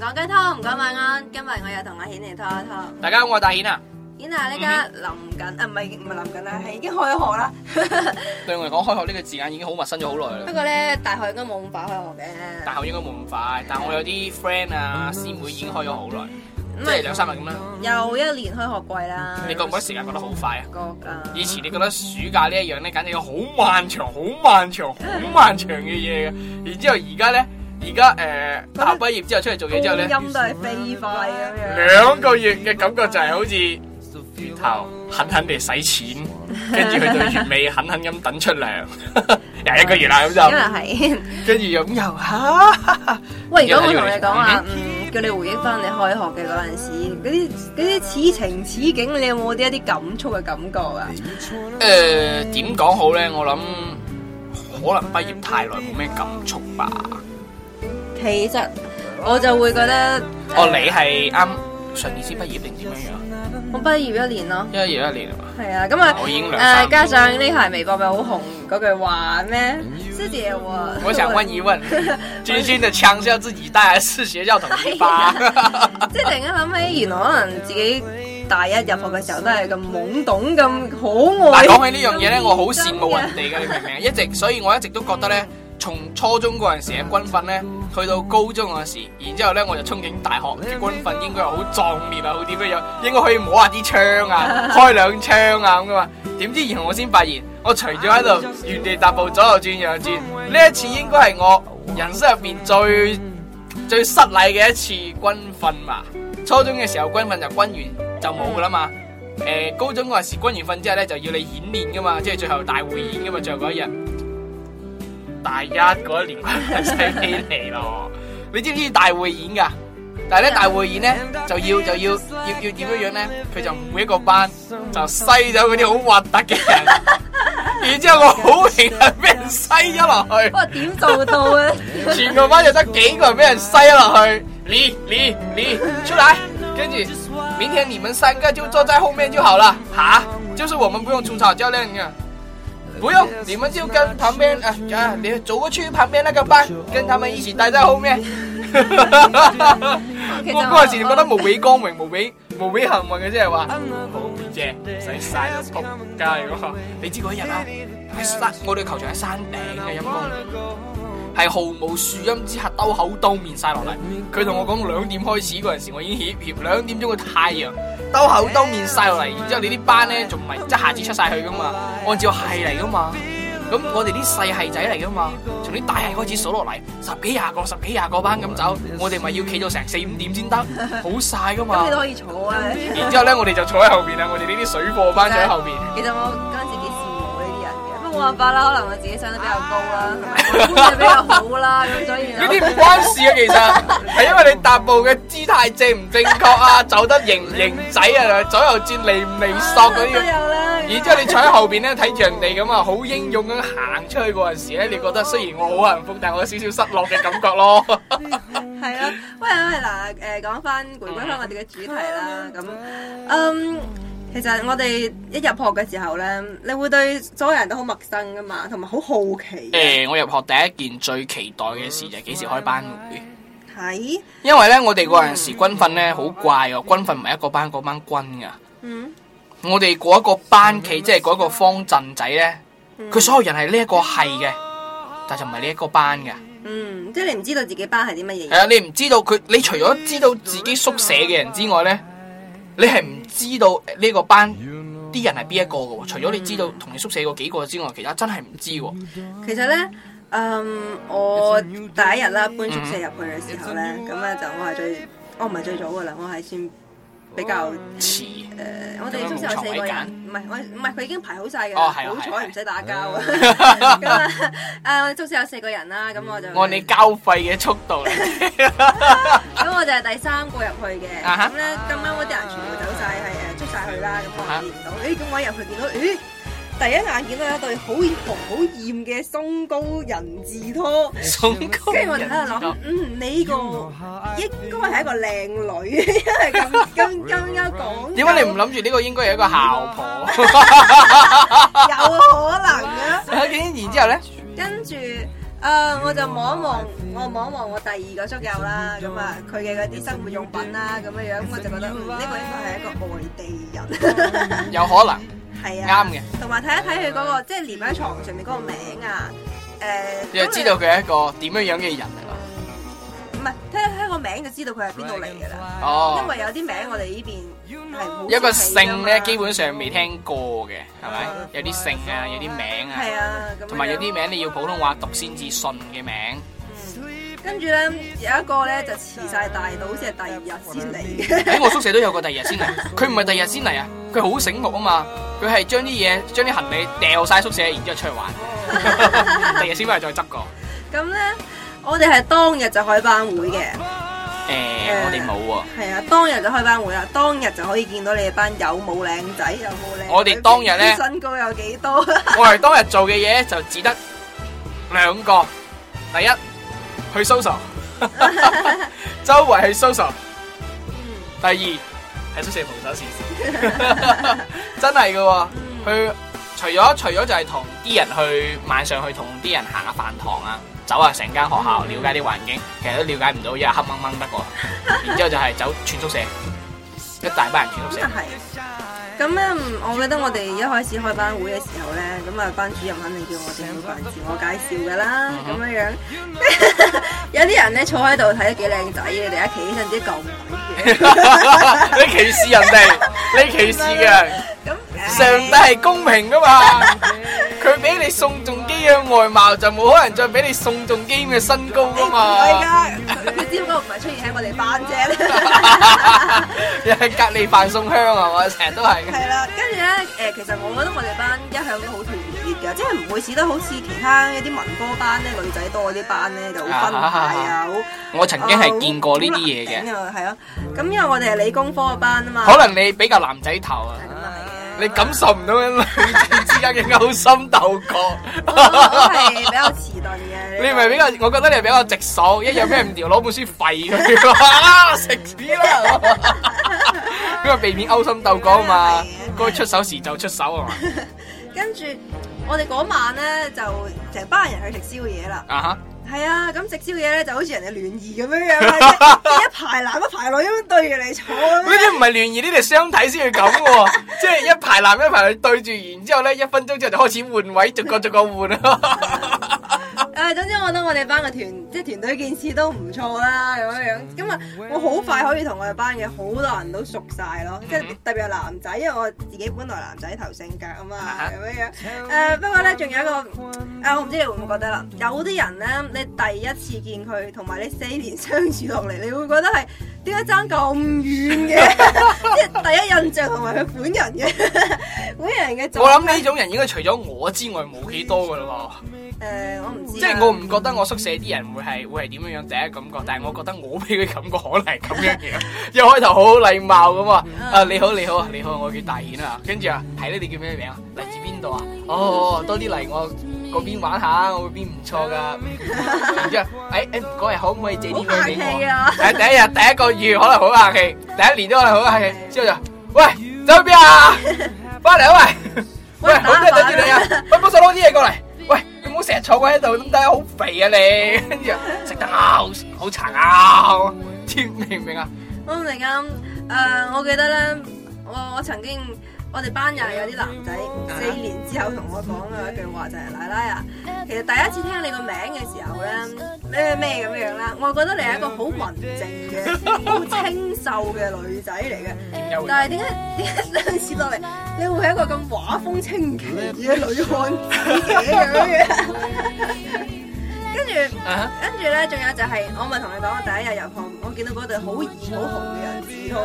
講雞湯唔講晚安，今日我又同阿顯嚟拖一拖。大家好，我係大顯啊。顯啊，呢家臨緊啊，唔係唔係臨緊啦，係已經開學啦。 對我嚟講，開學呢個字眼已經好陌生咗好耐啦。不過咧，大學應該冇咁快開學嘅。大學應該冇咁快，但我有啲 friend 啊、嗯、師妹已經開咗好耐，嗯、即係兩三日咁樣。又一年開學季啦。嗯、你覺唔覺得時間過得好快啊？嗯、覺噶、啊。以前你覺得暑假呢一樣咧，簡直係好漫長、好漫長、好漫長嘅嘢嘅，嗯、然之後而家咧。而家誒，大學畢、呃、業之後出嚟做嘢之後咧，音都係飛快咁樣。兩個月嘅感覺就係好似月頭狠狠地使錢，跟住 去到月尾狠狠咁等出糧， 又一個月啦咁就。咁又係，跟住又咁遊下。喂，而家我同你講啊、 嗯，叫你回憶翻你開學嘅嗰陣時，嗰啲啲此情此景，你有冇啲一啲感觸嘅感覺啊？誒、 呃，點講好咧？我諗可能畢業太耐冇咩感觸吧。其實我就會覺得，哦，你係啱上年先畢業定點樣樣？我畢業一年咯，一業一年係嘛？係啊，咁啊，誒，加上呢排微博咪好紅嗰句話咩？呢啲嘢喎，我想問一問，軍訓的槍是要自己帶還是學校統一發？即係突然間諗起，原來可能自己大一入學嘅時候都係咁懵懂咁可愛。講起呢樣嘢咧，我好羨慕人哋嘅，你明唔明？一直，所以我一直都覺得咧，從初中嗰陣時嘅軍訓咧。去到高中嗰時，然之後咧我就憧憬，大學嘅軍訓應該係好壯烈啊，好點樣樣，應該可以摸下啲槍啊， 開兩槍啊咁啊嘛。點知然後我先發現，我除咗喺度原地踏步，左右轉，右轉，呢一次應該係我人生入邊最 最失禮嘅一次軍訓吧。初中嘅時候軍訓就軍完就冇噶啦嘛。誒、呃，高中嗰陣時軍完訓之後咧就要你演練噶嘛，即係最後大會演噶嘛，最後嗰一日。大一嗰一年佢太犀利咯，哈哈 你知唔知大會演噶？但係咧大會演咧就要就要就要要點樣樣咧？佢就每一個班就篩咗嗰啲好核突嘅人，然之後我好慶幸俾人篩咗落去。哇，點做到啊？全個班就得幾個俾人篩咗落去？你，你，你，出嚟，跟住，明天你們三個就坐在後面就好了。吓、啊？就是我們不用出草，教練。不、哎、用，你們就跟旁邊啊，啊啊，你走過去旁邊那個班、啊、班，跟他們一起待在後面。我、okay, 確、no, 嗯、你覺得無比光榮、 無比無比幸運嘅，即係話。好、yeah，謝唔使晒都撲街，如你知嗰一日啊，我山我哋球場喺山頂嘅陰功。有係毫無樹蔭之下，兜口兜面曬落嚟，佢同我講兩點開始嗰陣時，我已經怯怯兩點鐘嘅太陽兜口兜面曬落嚟，然之後你啲班咧仲唔係一下子出晒去噶嘛？按照係嚟噶嘛？咁我哋啲細係仔嚟噶嘛？從啲大係開始數落嚟，十幾廿個十幾廿個班咁走，我哋咪要企到成四五點先得，好曬噶嘛？你都可以坐啊！然之後咧，我哋就坐喺後邊啦！我哋呢啲水貨班就喺後邊。可能我自己想得比較高啦，比較好啦，咁所以呢啲唔關事啊，其實係因為你踏步嘅姿態正唔正確啊，走得型型仔啊，左右轉嚟未索嗰啲，然之後你坐喺後邊咧，睇住人哋咁啊，好英勇咁行出去嗰陣時咧，你覺得雖然我好幸福，但係我有少少失落嘅感覺咯。係啊，喂喂嗱誒，講翻回歸翻我哋嘅主題啦，咁嗯。其實我哋一入學嘅時候咧，你會對所有人都好陌生噶嘛，同埋好好奇。誒、欸，我入學第一件最期待嘅事就係幾時開班會。係是。因為咧，我哋嗰陣時軍訓咧好怪嘅，啊，軍訓唔係一個班嗰班軍噶。嗯。我哋嗰一個班企，即係嗰一個方陣仔咧，佢、嗯、所有人係呢一個係嘅，但就唔係呢一個班嘅。嗯，即係你唔知道自己班係啲乜嘢。係啊，你唔知道佢，你除咗知道自己宿舍嘅人之外咧。你係唔知道呢個班啲人係邊一個嘅喎？除咗你知道同你宿舍嗰幾個之外，其他真係唔知喎。其實咧，嗯，我第一日啦搬宿舍入去嘅時候咧，咁啊、嗯、就我係最，我唔係最早嘅啦，我係先，比較遲，誒，我哋宿舍有四個人，唔係，我唔係，佢已經排好晒嘅，好彩唔使打交啊！咁啊，誒，我哋宿舍有四個人啦，咁我就按你交費嘅速度嚟，咁我就係第三個入去嘅，咁咧，今晚嗰啲人全部走晒，係誒捉晒佢啦，咁我見唔到，誒，咁我入去見到，誒。第一眼見到有一對好紅好艷嘅鬆糕人字拖，鬆糕人字拖，跟住我就想想嗯，你呢個應該係一個靚女，因為咁咁啱一講，點解你唔諗住呢個應該係一個姣婆？ 有可能嘅，啊。點然之後咧？跟住，誒，呃，我就望一望，我望一望我第二個宿友啦，咁啊，佢嘅嗰啲生活用品啦，咁嘅樣，我就覺得呢，嗯這個應該係一個外地人， 有可能。係啊，啱嘅。同埋睇一睇佢嗰個，即係黏喺床上面嗰個名啊，誒，你就知道佢係一個點樣樣嘅人嚟啦。唔係，聽聽個名就知道佢係邊度嚟嘅啦。哦，因為有啲名我哋呢邊係一個姓咧，基本上未聽過嘅，係咪？有啲姓啊，有啲名啊，係啊，同埋有啲名你要普通話讀先至順嘅名。跟住咧有一個咧就遲晒大到，好似係第二日先嚟。喺我宿舍都有個第二日先嚟，佢唔係第二日先嚟啊，佢好醒目啊嘛。佢係將啲嘢，將啲行李掉晒宿舍，然之後出去玩， 第日先翻嚟再執過。咁咧、嗯，我哋係當日就開班會嘅。誒、嗯，我哋冇喎。係啊，當日就開班會啦，當日就可以見到你班有冇靚仔，有冇靚。我哋當日咧，身高有幾多？ 我係當日做嘅嘢就只得兩個，第一去 social， 周圍去 social、 嗯。第二。喺宿舍鋪手試試， 真係㗎喎。佢除咗除咗就係同啲人去晚上去同啲人行下飯堂啊，走下成間學校了解啲環境，其實都了解唔到，因為黑掹掹得個。然之後就係走全宿舍，一大班人全宿舍。Yes. 咁咧、嗯，我記得我哋一開始開班會嘅時候咧，咁啊班主任肯定叫我哋凡自我介紹嘅啦，咁樣、uh huh. 這樣。 有啲人咧坐喺度睇得幾靚仔嘅，但一企起身啲舊鬼嘅。 你歧視人哋，你歧視嘅。咁、嗯嗯、上帝係公平嘅嘛？ 佢俾你宋仲基嘅外貌，就冇可能再俾你宋仲基嘅身高噶嘛？你知唔知我唔係出現喺我哋班啫？你喺隔離扮送香係嘛？我成日都係。係啦，跟住咧誒，其實我覺得我哋班一向都好團結嘅，即係唔會似得好似其他一啲文科班咧，女仔多嗰啲班咧就好分派啊！好，我曾經係見過呢啲嘢嘅，係咯。咁因為我哋係理工科嘅班啊嘛。可能你比較男仔頭啊。你感受唔到兩者之間嘅勾心鬥角、 哦，我係比較遲鈍嘅。你咪比較，我覺得你係比較直爽， 一有咩唔掂攞本書廢佢，啊食屎啦！ 因為避免勾心鬥角啊嘛，該出手時就出手啊嘛。 跟住我哋嗰晚咧就成班人去食宵夜啦。Uh huh. 係啊，咁直播嘢咧就好似人哋聯誼咁樣樣，一排男一排女咁對住你坐。嗰啲唔係聯誼，呢啲相睇先係咁喎，即係一排男一排女對住，然之後咧一分鐘之後就開始換位，逐個逐個換。 嗯、總之我覺得我哋班嘅團即係團隊建設都唔錯啦，咁樣樣，咁啊我好快可以同我哋班嘅好多人都熟晒咯，即係特別係男仔，因為我自己本來男仔頭性格啊嘛，咁樣樣。誒、嗯，不過咧仲有一個，誒、啊，我唔知你會唔會覺得啦，有啲人咧，你第一次見佢，同埋你四年相處落嚟，你會覺得係。點解爭咁遠嘅？即係 第一印象同埋佢本人嘅， 本人嘅。我諗呢種人應該除咗我之外冇幾多噶咯。誒，我唔知。即係我唔覺得我宿舍啲人會係會係點樣樣第一感覺，但係我覺得我俾佢感覺可能係咁樣嘅。一開頭好禮貌咁 啊，啊你好你好你好，我叫大賢啊。跟住啊，係咧，你叫咩名啊？嚟自邊度啊？哦，多啲嚟我。嗰邊玩下，嗰邊唔錯噶。然之後，誒誒唔該，可唔可以借啲嘢俾我？誒、啊、第一日第一個月可能好客氣，第一年都可能好客氣。之後就，喂，走去邊啊？翻嚟喂，喂，好多人喂？等住打你啊！分唔分數攞啲嘢過嚟？喂、哎，你唔好成日坐過喺度，咁睇好肥啊你！跟住食得好、啊，好殘啊！明唔明啊？我唔明,明,我唔明啊。誒、呃，我記得咧，我我曾經。我哋班又係有啲男仔，四年之後同我講嘅一句話就係：奶奶啊，其實第一次聽你個名嘅時候咧，咩咩咩咁樣啦，我覺得你係一個好文靜嘅、好清秀嘅女仔嚟嘅。但係點解點解上次落嚟，你會係一個咁畫風清奇嘅女漢子咁樣嘅？ 跟住，跟住咧，仲有就係我咪同你講，我第一日入學，我見到嗰對好艷好紅嘅人字拖，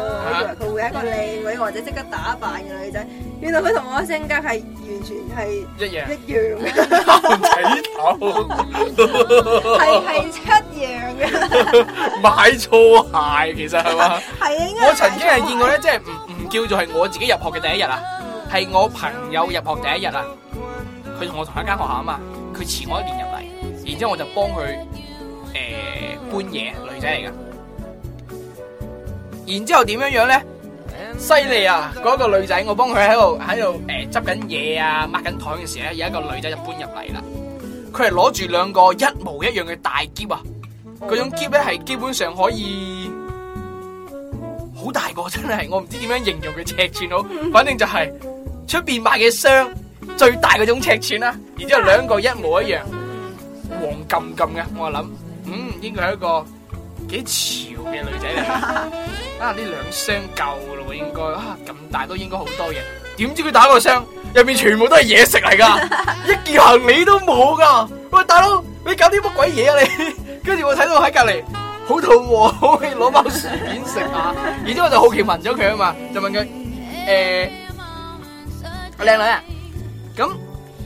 我以為佢會係一個靚女或者識得打扮嘅女仔，原來佢同我性格係完全係一樣一樣嘅，係係七樣嘅，買錯鞋其實係嘛？係啊，我曾經係見過咧，即係唔唔叫做係我自己入學嘅第一日啊，係我朋友入學第一日啊，佢同我同一間學校啊嘛，佢遲我一年入。然之後我就幫佢誒、呃、搬嘢，女仔嚟噶。然之後點樣樣咧？犀利啊！嗰個女仔，我幫佢喺度喺度誒執緊嘢啊，抹緊台嘅時候咧，有一個女仔就搬入嚟啦。佢係攞住兩個一模一樣嘅大箧啊！嗰種箧咧係基本上可以好大個，真係我唔知點樣形容佢尺寸好。反正就係出邊賣嘅箱最大嗰種尺寸啦。然之後兩個一模一樣。黃金金嘅，我諗，嗯，應該係一個幾潮嘅女仔嚟、 啊，啊，呢兩箱夠咯，應該，啊，咁大都應該好多嘢，點知佢打個箱入面全部都係嘢食嚟噶， 一件行李都冇噶，喂，大佬，你搞啲乜鬼嘢啊你？跟 住我睇到喺隔籬好肚餓，可以攞包薯片食下，然之後我就好奇問咗佢啊嘛，就問佢，誒、呃，靚女啊，咁。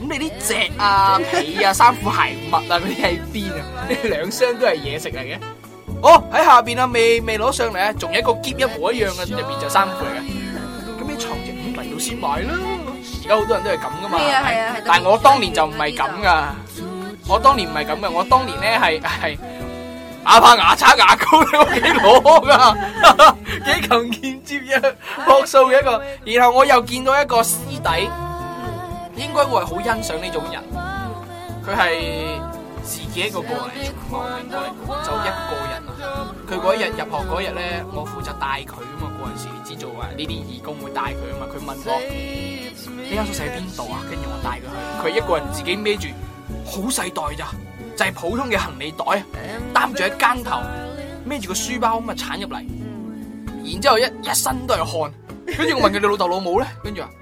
咁你啲只啊、被啊、衫褲鞋襪啊嗰啲喺邊啊？呢兩箱都係嘢食嚟嘅。哦，喺下邊啊，未未攞上嚟啊，仲有一個篋一模一樣嘅，入邊就衫褲嚟嘅。咁你藏住，唔嚟到先買咯。而家好多人都係咁噶嘛。係啊係啊係。但係我當年就唔係咁噶，我當年唔係咁嘅，我當年咧係係牙刷牙刷牙膏喺屋企攞噶，幾勤儉節約，樸素一個。然後我又見到一個師弟。應該我係好欣賞呢種人，佢係自己一個過嚟，從茂名過嚟，就一個人啊。佢嗰一日入學嗰日咧，我負責帶佢啊嘛，嗰陣時你知道啊呢啲義工會帶佢啊嘛。佢問我：呢間宿舍喺邊度啊？跟住我帶佢去，佢一個人自己孭住好細袋咋，就係普通嘅行李袋，擔住喺肩頭，孭住個書包咁啊鏟入嚟，然之後一一身都係汗。跟住我問佢： 你老豆老母咧？跟住啊。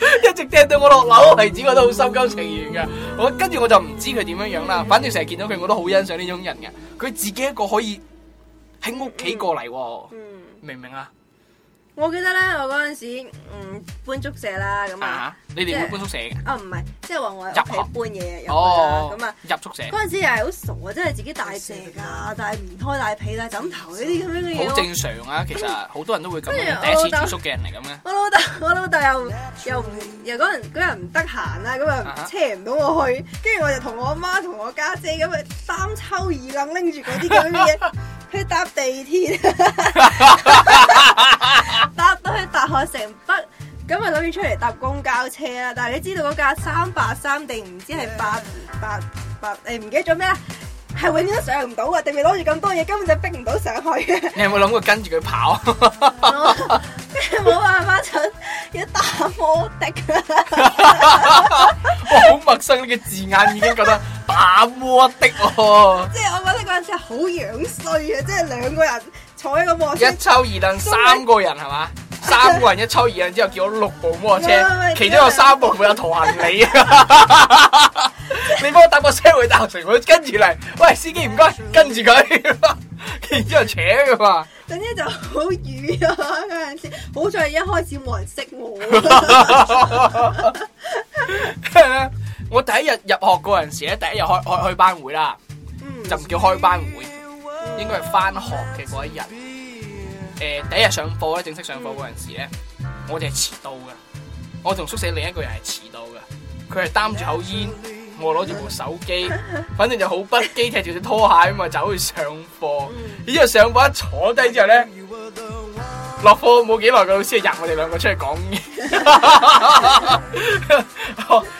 一直掟到我落樓為止，我都好心甘情願噶。我跟住我就唔知佢點樣樣啦。反正成日見到佢，我都好欣賞呢種人嘅。佢自己一個可以喺屋企過嚟，哦，明唔明啊？我記得咧，我嗰陣時嗯搬宿舍啦，咁啊，你哋會搬宿舍嘅？啊唔係，即係話我入去搬嘢，入咁啊，入宿舍。嗰陣時又係好傻啊，即係自己大蛇架，但係唔開大被啦、枕頭呢啲咁樣嘅嘢。好正常啊，其實好多人都會咁樣。第一次住宿嘅人嚟咁嘅。我老豆，我老豆又又唔又嗰日唔得閒啦，咁啊車唔到我去，跟住我就同我阿媽同我家姐咁啊三抽二愣拎住嗰啲咁嘅嘢。佢搭地鐵，搭到去大學城北，咁咪諗住出嚟搭公交車啦。但係你知道嗰架三八三定唔知係八八八？誒，唔記得咗咩？係永遠都上唔到噶，定係攞住咁多嘢，根本就逼唔到上去嘅。你有冇諗過跟住佢跑？冇辦法，蠢要搭摩的啦。好陌生呢個字眼，已經覺得。阿摩、啊、的哦、啊，即係 我覺得嗰陣時好樣衰啊！即係兩個人坐喺個摩車，一抽二凳，三個人係嘛開？三個人一抽二凳之後，叫咗六部摩托車， 其中有三部會有拖行李啊！ 你幫我搭個車去大學城，跟住嚟，喂司機唔該，跟住佢， 然之後扯佢嘛？咁樣就好瘀啊！嗰陣時，好在一開始冇人識我，我第一日入學嗰陣時咧，第一日開開開班會啦，嗯、就唔叫開班會，應該係翻學嘅嗰一日。誒、呃，第一日上課咧，正式上課嗰陣時咧，我哋係遲到嘅。我同宿舍另一個人係遲到嘅，佢係擔住口煙，我攞住部手機，反正就好不羈，踢住隻拖鞋咁啊走去上課。然之後上課一坐低之後咧，落課冇幾耐，個老師係入我哋兩個出嚟講嘢。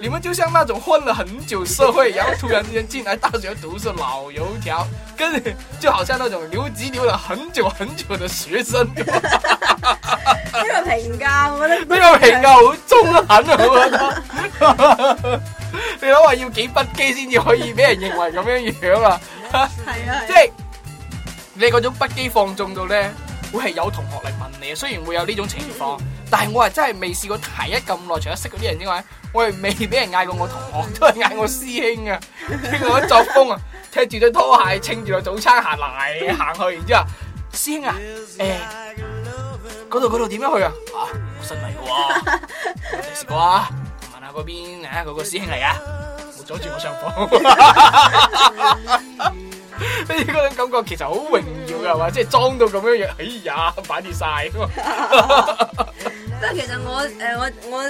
你們就像那種混了很久社會，然後突然之間進來大學讀是老油條，跟就好像那種留級留了很久很久的學生。呢個評價我覺得呢個評價好中肯啊！我覺得 你諗下要幾不羈先至可以俾人認為咁樣樣啊？係啊，即係你嗰種不羈放縱到咧，會係有同學嚟問你啊，雖然會有呢種情況。嗯嗯但係我係真係未試過提一咁耐，除咗識嗰啲人之外，我係未俾人嗌過我同學，都係嗌我師兄㗎。聽我啲作風啊，踢住對拖鞋，清住個早餐行嚟行去，然之後師兄啊，嗰度嗰度點樣去啊？好神秘嘅喎，試 過啊？問下嗰邊，誒，嗰個師兄嚟噶，冇阻住我上房。呢 嗰 種感覺其實好榮耀嘅係嘛？即係裝到咁樣樣，哎呀，擺跌晒。即係其實我誒，我我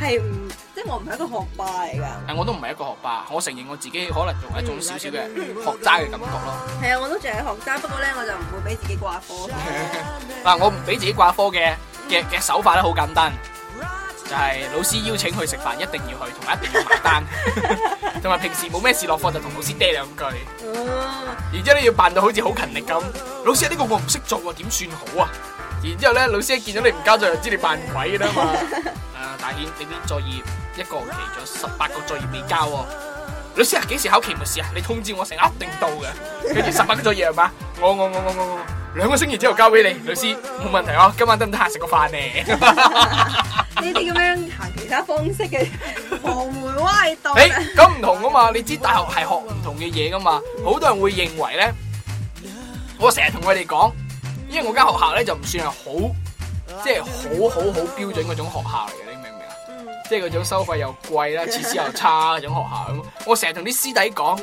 係唔，即係我唔係一個學霸嚟噶誒我都唔係一個學霸，我承認我自己可能仲係一種少少嘅學渣嘅感覺咯。係啊， 我都仲係學渣，不過咧我就唔會俾自己掛科。嗱， 我唔俾自己掛科嘅嘅嘅手法咧好簡單，就係、是、老師邀請去食飯一定要去，同埋一定要埋單，同 埋平時冇咩事落課就同老師嗲兩句，哦，然之後你要扮到好似好勤力咁。老師呢、這個我唔識做啊，點算好啊？然之後咧，老師一見到你唔交就又知你扮鬼啦嘛！啊，大顯，呢啲作業一個學期咗十八個作業未交，老師幾時考期末試啊？你通知我成日定到嘅，跟住十八個作業係嘛？我我我我我我兩個星期之後交俾你，老師冇問題哦。今晚得唔得閒食個飯呢？呢啲咁樣行其他方式嘅黃梅歪道，誒，咁唔同噶嘛？你知大學係學唔同嘅嘢噶嘛？好多人會認為咧，我成日同佢哋講。因為我間學校咧就唔算係好，即係好好好標準嗰種學校嚟嘅，你明唔明啊？即係嗰種收費又貴啦，設施又差嗰種學校。我成日同啲師弟講，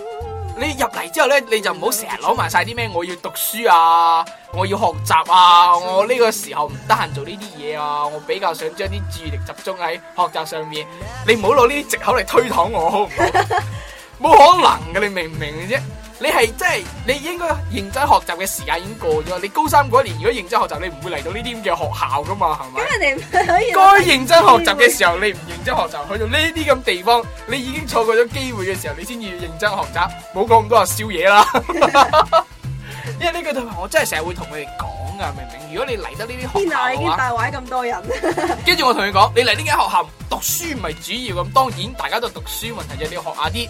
你入嚟之後咧，你就唔好成日攞埋晒啲咩我要讀書啊，我要學習啊，我呢個時候唔得閒做呢啲嘢啊，我比較想將啲注意力集中喺學習上面。你唔好攞呢啲借口嚟推搪我，好唔好？冇 可能嘅，你明唔明嘅啫？你係即係你應該認真學習嘅時間已經過咗，你高三嗰年如果認真學習，你唔會嚟到呢啲咁嘅學校噶嘛，係嘛？咁人哋可以。該認真學習嘅時候你唔認真學習，去到呢啲咁地方，你已經錯過咗機會嘅時候，你先至要認真學習。冇講咁多話宵夜啦， 因為呢、這個同學我真係成日會同佢哋講噶，明唔明？如果你嚟得呢啲學校嘅話已經大位咁多人。 跟住我同你講，你嚟呢間學校讀書唔係主要，咁當然大家都讀書問題，就你要學下啲。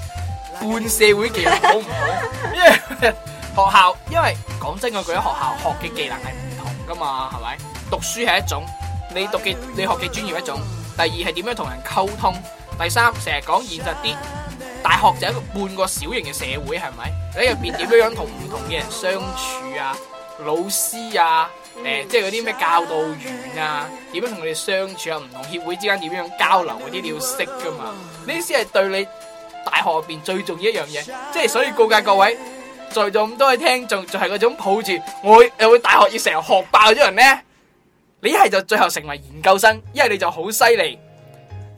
半社會技能好唔好？因為學校，因為講真嗰句，喺學校學嘅技能係唔同噶嘛，係咪？讀書係一種，你讀嘅你學嘅專業一種。第二係點樣同人溝通，第三成日講現實啲。大學就係一個半個小型嘅社會，係咪？你入邊點樣樣同唔同嘅人相處啊？老師啊，誒，即係嗰啲咩教導員啊，點樣同佢哋相處啊？唔同協會之間點樣交流嗰啲，你要識噶嘛？呢啲先係對你。大學入邊最重要一樣嘢，即係所以告誡各位在座咁多位聽眾，就係嗰種抱住我又會大學要成日學爆嗰啲人咧，你一係就最後成為研究生，一係你就好犀利，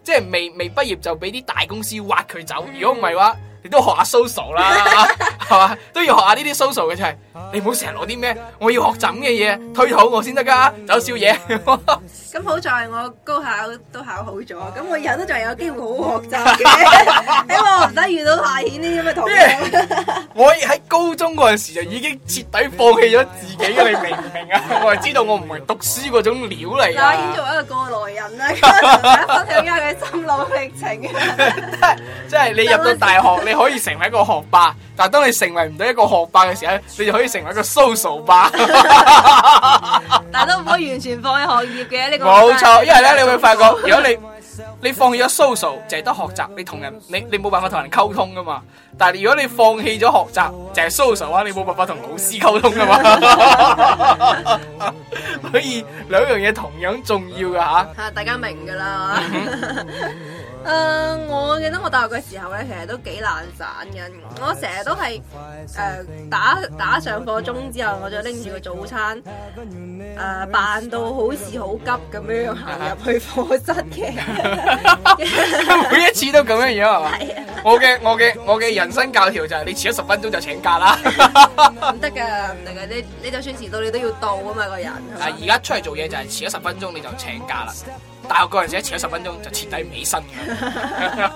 即係未未畢業就俾啲大公司挖佢走，如果唔係嘅話。你都學下 social 啦，係嘛？ 都要學下呢啲 social 嘅，就係、是、你唔好成日攞啲咩，我要學習嘅嘢，推好我先得噶，走，少嘢。咁好在我高考都考好咗，咁 我以後都仲有機會好好學習嘅， 希望唔使遇到太險啲咁嘅同學。我喺高中嗰陣時就已經徹底放棄咗自己啦，你明唔明啊？我係知道我唔係讀書嗰種料嚟。太險做一個過來人啦，啊，分享一下佢心路歷程。 即係即係你入到大學。你可以成為一個學霸，但係當你成為唔到一個學霸嘅時候，你就可以成為一個 social 霸。So 但係都唔可以完全放棄學業嘅呢、呢個。冇錯，因為咧你會發覺，如果你你放棄咗 social，淨係得學習，你同人你你冇辦法同人溝通噶嘛。但係如果你放棄咗學習，淨係 social 嘅話，你冇辦法同老師溝通噶嘛。 所以兩樣嘢同樣重要噶吓。吓，大家明噶啦。 誒，uh, 我記得我大學嘅時候咧，其實都幾懶散嘅。我成日都係誒、呃、打打上課鐘之後，我就拎住個早餐誒，扮、呃、到好似好急咁樣行入去課室嘅。 每一次都咁樣樣係嘛？我嘅我嘅我嘅人生教條就係你遲咗十分鐘就請假啦。唔得噶，唔得噶，你你就算遲到你都要到啊嘛，個人。啊，而家、uh, 出嚟做嘢就係遲咗十分鐘你就請假啦。大學嗰陣時，一遲咗十分鐘就徹底起身嘅，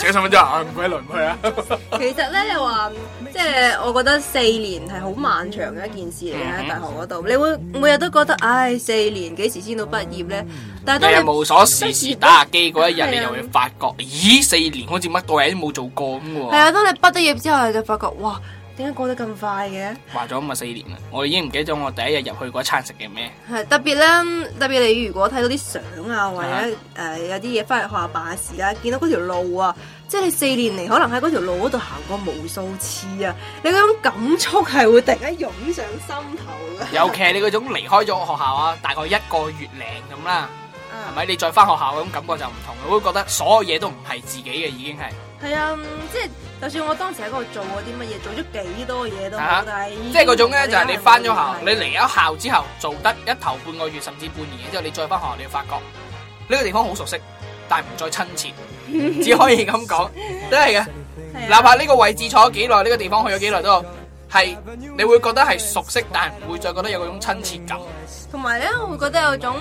遲咗十分鐘啊，唔鬼輪去啊。其實咧你話，即、就、係、是、我覺得四年係好漫長嘅一件事嚟嘅喺大學嗰度，你會每日都覺得，唉、哎，四年幾時先到畢業咧？嗯、但當你，你無所事事打下機嗰一日，嗯、你又會發覺，咦，四年好似乜嘢都冇做過咁喎。係啊、嗯哼，當你畢咗業之後，你就發覺，哇！點解過得咁快嘅？話咗咁啊四年啦，我已經唔記得咗我第一日入去嗰餐食嘅咩。係特別啦，特別你如果睇到啲相啊，或者誒、uh huh. 呃、有啲嘢翻去學校辦事啦，見到嗰條路啊，即係你四年嚟可能喺嗰條路嗰度行過無數次啊，你嗰種感觸係會突然間湧上心頭。尤其係你嗰種離開咗學校啊，大概一個月零咁啦，係咪、uh huh.？你再翻學校嗰種感覺就唔同，你會覺得所有嘢都唔係自己嘅，已經係。係啊，即係就算我當時喺嗰度做嗰啲乜嘢，做咗幾多嘢都，但、啊、即係嗰種咧，就係、是、你翻咗校，啊、你嚟咗校之後、啊、校後做得一頭半個月甚至半年之後，後，你再翻學校，你發覺呢、這個地方好熟悉，但係唔再親切， 只可以咁講，真係嘅。啊、哪怕呢個位置坐咗幾耐，呢、這個地方去咗幾耐都係你會覺得係熟悉，但係唔會再覺得有嗰種親切感。同埋咧，我會覺得有種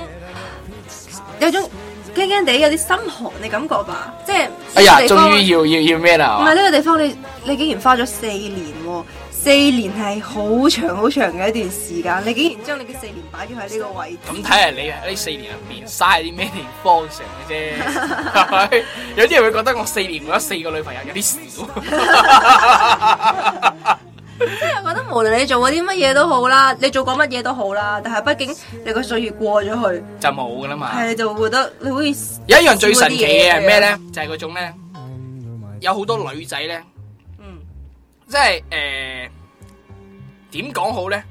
有，有，有種驚驚地、有啲心寒嘅感覺吧，即、就、係、是。哎呀，終於要、啊、要要咩啦？唔係呢個地方，啊、你你竟然花咗四年、喔，四年係好長好長嘅一段時間，你竟然將你嘅四年擺咗喺呢個位置，咁睇嚟，你喺呢、嗯、四年入面嘥喺啲咩地方成嘅啫？ 有啲人會覺得我四年換咗四個女朋友有笑，有啲少。即係我覺得無論你做嗰啲乜嘢都好啦，你做過乜嘢都好啦，但係畢竟你個歲月過咗去就冇噶啦嘛，係你就會覺得你好似有一樣最神奇嘅係咩咧？就係嗰種咧，有好多女仔咧，嗯，即係誒點講好咧？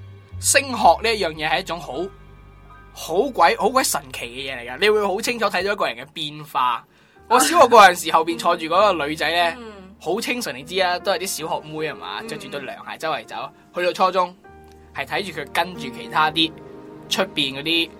升學呢一樣嘢係一種好好鬼好鬼神奇嘅嘢嚟噶，你會好清楚睇到一個人嘅變化。我小學嗰陣時後邊坐住嗰個女仔咧，好清純，你知啊，都係啲小學妹係嘛，着住對涼鞋周圍走。嗯、去到初中係睇住佢跟住其他啲出邊嗰啲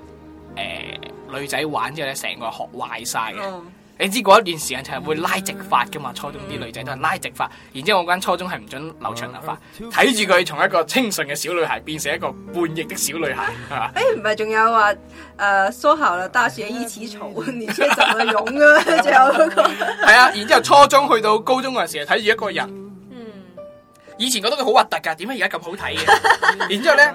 誒女仔玩之後咧，成個學壞晒嘅。嗯你知過一段時間就係會拉直髮噶嘛？初中啲女仔都係拉直髮，然之後我間初中係唔准留長頭髮，睇住佢從一個清純嘅小女孩變成一個叛逆的小女孩，係誒、哎，唔係仲有話誒、呃，說好了大學一起吵，年先就么容啊？仲有嗰個係啊，然之後初中去到高中嗰陣時，睇住一個人，嗯，以前覺得佢好核突噶，點解而家咁好睇嘅？然之後咧，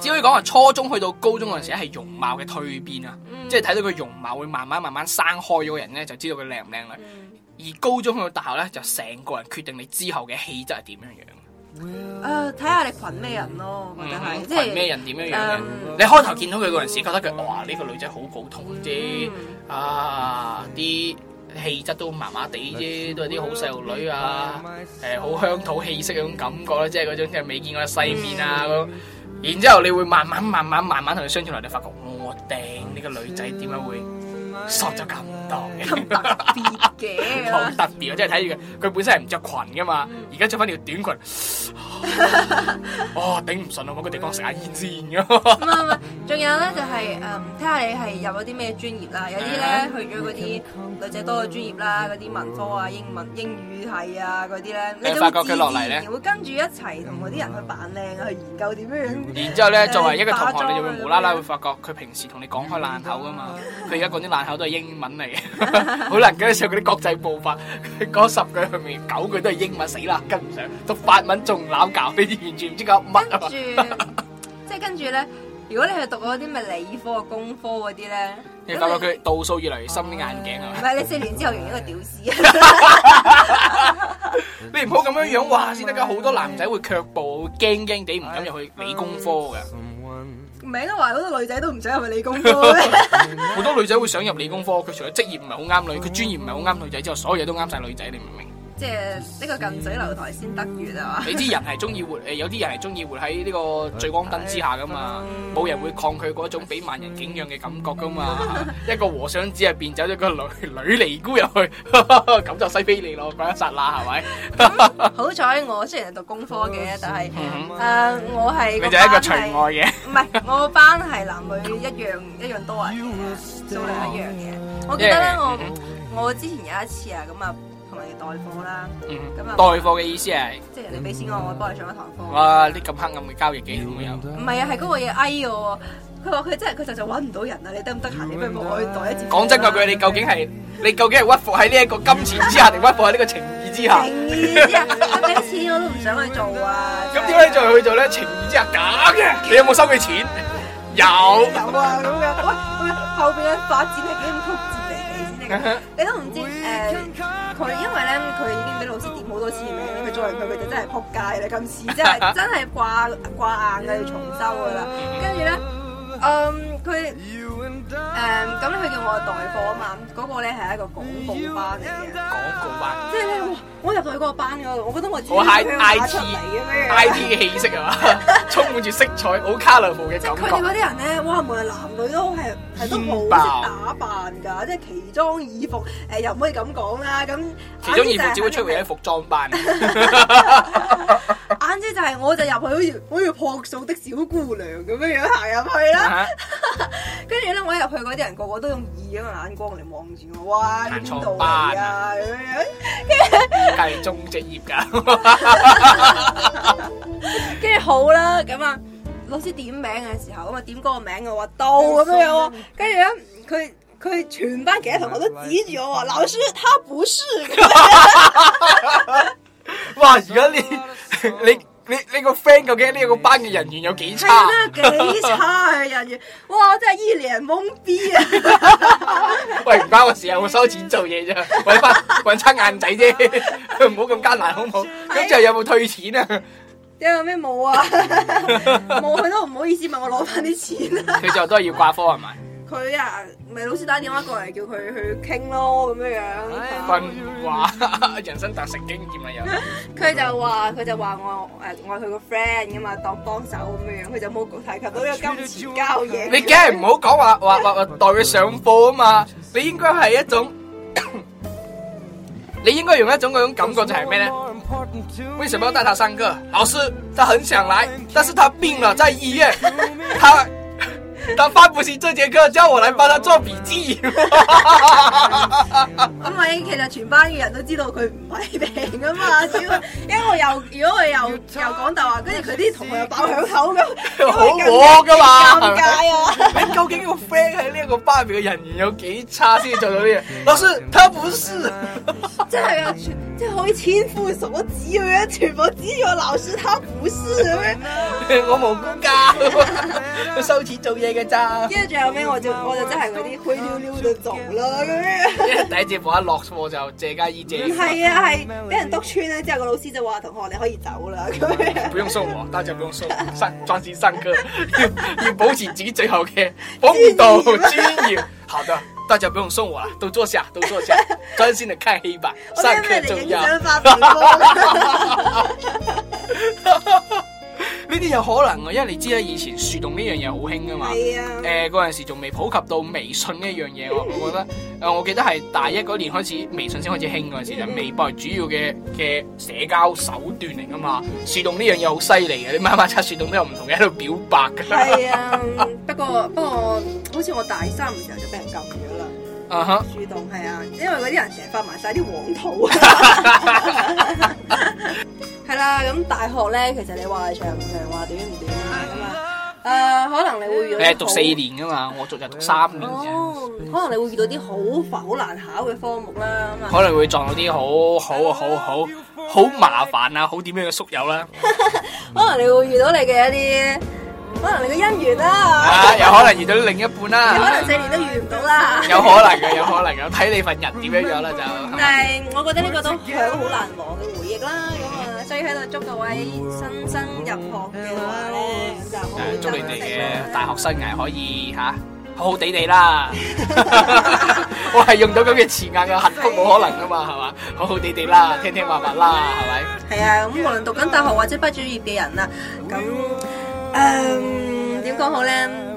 只可以講話初中去到高中嗰陣時係容貌嘅蛻變啊。即係睇到佢容貌會慢慢慢慢生開咗個人咧，就知道佢靚唔靚女。嗯、而高中去到大學咧，就成個人決定你之後嘅氣質係點樣樣。誒、呃，睇下你群咩人咯，或者係群咩人點樣樣、嗯、你開頭見到佢嗰陣時，覺得佢哇呢、這個女仔好普通啫，嗯、啊啲氣質都麻麻地啫，都係啲好細路女啊，誒好鄉土氣息嗰種感覺啦，即係嗰種即係未見過嘅世面啊然之後，你會慢慢、慢慢、慢慢同佢相處落嚟，你會發覺我頂呢個女仔點解會索咗咁多，特別嘅，好特別啊！即係睇住佢，佢本身係唔着裙嘅嘛，而家着翻條短裙，哦，頂唔順啊！揾個地方食下成日煙先嘅。唔係唔係，仲有咧就係誒，睇下你係入咗啲咩專業啦，有啲咧去咗嗰啲女仔多嘅專業啦，嗰啲文科啊、英文、英語系啊嗰啲咧，你發覺佢落嚟咧，會跟住一齊同嗰啲人去扮靚啊，去研究點樣樣。然之後咧，作為一個同學，你就會無啦啦會發覺佢平時同你講開爛口嘅嘛，佢而家講啲爛。好多英文嚟嘅，好難跟得上嗰啲國際步伐。講十句上面九句都係英文，死啦，跟唔上。讀法文仲撈教呢啲，完全唔知搞乜啊！跟住，即係跟住咧，如果你去讀嗰啲咩理科啊、工科嗰啲咧，你發覺佢度數越嚟越深，眼鏡啊！唔係你四年之後，用一個屌絲。你唔好咁樣樣話先得噶，好多男仔會卻步，驚驚地唔敢入去理工科嘅。名都話好多女仔都唔想入理工科，好 多女仔會想入理工科。佢除咗職業唔係好啱女，佢專業唔係好啱女仔之外，所有嘢都啱晒女仔，你明唔明？即係呢個近水樓台先得月啊嘛！你啲人係中意活，誒有啲人係中意活喺呢個聚光燈之下噶嘛，冇人會抗拒嗰種俾萬人敬仰嘅感覺噶嘛。一個和尚只係變走咗個女女尼姑入去，咁就犀飛利咯，鬼一剎那係咪？好彩我雖然係讀工科嘅，但係誒我係你就係一個除外嘅，唔係我班係男女一樣，一樣多人，數量一樣嘅。我記得咧，我我之前有一次啊，咁啊。代課啦，咁啊，代課嘅意思係，即係人哋俾錢我，我幫你上一堂課。哇，啲咁黑暗嘅交易幾好啊！唔係啊，係嗰個嘢翳我，佢話佢真係佢實在搵唔到人啊！你得唔得閒？你去代代一節。講真句句，你究竟係你究竟係屈服喺呢一個金錢之下，定屈服喺呢個情義之下？情義之下！俾錢我都唔想去做啊！咁點解你再去做咧？情義之下假嘅，你有冇收佢錢？有有啊！咁嘅，喂，後邊嘅發展係幾？ 你都唔知誒，佢、呃、因為咧，佢已經俾老師點好多次名，佢作為佢佢就真係撲街啦，今次真係真係掛掛硬要重修噶啦，跟住咧，嗯、呃，佢。誒，咁佢、um, 叫我代課啊嘛，嗰、那個咧係一個廣告班嚟嘅。廣告班，即係我入去嗰個班嗰我覺得我我係 I T I T 嘅氣息啊，充滿住色彩，好 colorful 嘅感覺。佢哋嗰啲人咧，哇，無論男女都係係都好識打扮噶，即係奇裝異服，誒、呃，又唔可以咁講啦。咁奇裝異服只會出嚟喺服裝班。眼姐 就係我就入去好似好似樸素的小姑娘咁樣樣行入去啦。Uh huh. 跟住咧，我入去嗰啲人，個個都用異樣嘅眼光嚟望住我，哇！邊度嚟啊？咁樣樣，跟住係中職業噶，跟住好啦，咁啊，老師點名嘅時候，咁啊點嗰個名，我話到咁樣樣喎，跟住咧，佢佢全班其他同學都指住我，話、老師他不是。 哇！而家你你。 你你個 friend 究竟呢個班嘅人員有幾差？幾差啊！人員，哇，我真係一臉懵逼啊！ 喂，唔關我事啊！我收錢做嘢咋，搵翻搵餐晏仔啫，佢唔好咁艱難好唔好？咁之 後有冇退錢，哎、啊？有咩冇啊？冇佢都唔好意思，問我攞翻啲錢。佢就都係要掛科係咪？佢啊，咪老師打電話過嚟叫佢去傾咯，咁樣樣。訓話，人生達成經驗啦又。佢就話，佢就話我誒，我係佢個 friend 噶嘛，當幫手咁樣樣，佢就冇提及到有金錢交易。你驚係唔好講話，話話代佢上課啊嘛，你應該係一種，你應該用一種嗰種感覺就係咩咧？為什麼要帶佢上課。老師，他很想來，但是他病了，在醫院，他。他翻唔起這節課，叫我嚟幫他做筆記。咁咪其實全班嘅人都知道佢唔係病噶嘛，因為又如果我有 又又講大話，跟住佢啲同學又爆響口，咁，啊、 好惡噶嘛，尷 尬啊！ 究竟個 friend 喺呢個班嘅人緣有幾差先做到呢？ 老師，他不是， 真係啊！即可以千夫所指嘅，全部指我老師，他不是咩？ 我冇教， 收錢做嘢嘅咋？跟住最後咩？我就我就真係嗰啲灰溜溜就做啦咁樣。 第一節課一落課就借家姨借。唔係 啊，係俾人督穿啦！之後個老師就話：同學你可以走啦咁樣。 不用送我，大家就不用送，上專心上課，要要保持自己最後嘅，風度尊嚴、專業。好的。就不用送我啦，都坐下，都坐下，專 心地看黑板吧。上課 重要。呢 啲 有可能嘅，因為你知啦，以前樹洞呢樣嘢好興噶嘛。係是啊、欸。誒，嗰陣時仲未普及到微信呢樣嘢，我覺得誒，我記得係大一嗰年開始，微信先開始興嗰陣時、嗯、就，微博係主要嘅嘅社交手段嚟噶嘛。樹洞呢樣嘢好犀利嘅，你晚晚拆樹洞都有唔同嘅喺度表白噶。係啊，不過不過，好似我大三嘅時候就俾人禁咗。樹洞，係啊，因為嗰啲人成日發埋晒啲黃圖。 啊，係啦。咁大學咧，其實你話長唔長，話短唔短啊？咁啊，誒，可能你會誒遇到，你係讀四年噶嘛，我讀就讀三年啫。可能你會遇到啲好煩、好難考嘅科目啦。可能會撞到啲好好好好好麻煩啊，好點樣嘅宿友啦。可能你會遇到、啊、會遇到 你嘅一啲。可能你嘅姻緣啦，啊，有可能遇到另一半啦，有可能四年都遇唔到啦，有可能嘅，有可能嘅，睇你份人點樣樣啦就。但係我覺得呢個都係好難忘嘅回憶啦，咁啊，所以喺度祝各位新生入學嘅話咧，就祝你哋嘅大學生涯可以吓好好地地啦。我係用到咁嘅字眼嘅幸福冇可能噶嘛，係嘛，好好地地啦，聽聽話話啦，係咪？係啊，咁無論讀緊大學或者畢咗業嘅人啊，咁。嗯，點講、um，好咧？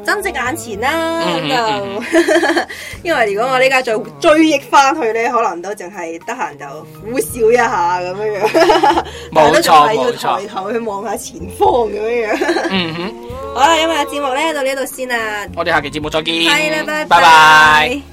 珍惜眼前啦，就 因為如果我呢家再追憶翻去咧，可能都淨係得閒就苦笑一下咁樣樣，冇錯冇錯，要抬頭去望下前方咁樣樣。 嗯哼， 好啦，今日節目咧到呢度先啦，我哋下期節目再見，係 啦，拜拜 bye。Bye bye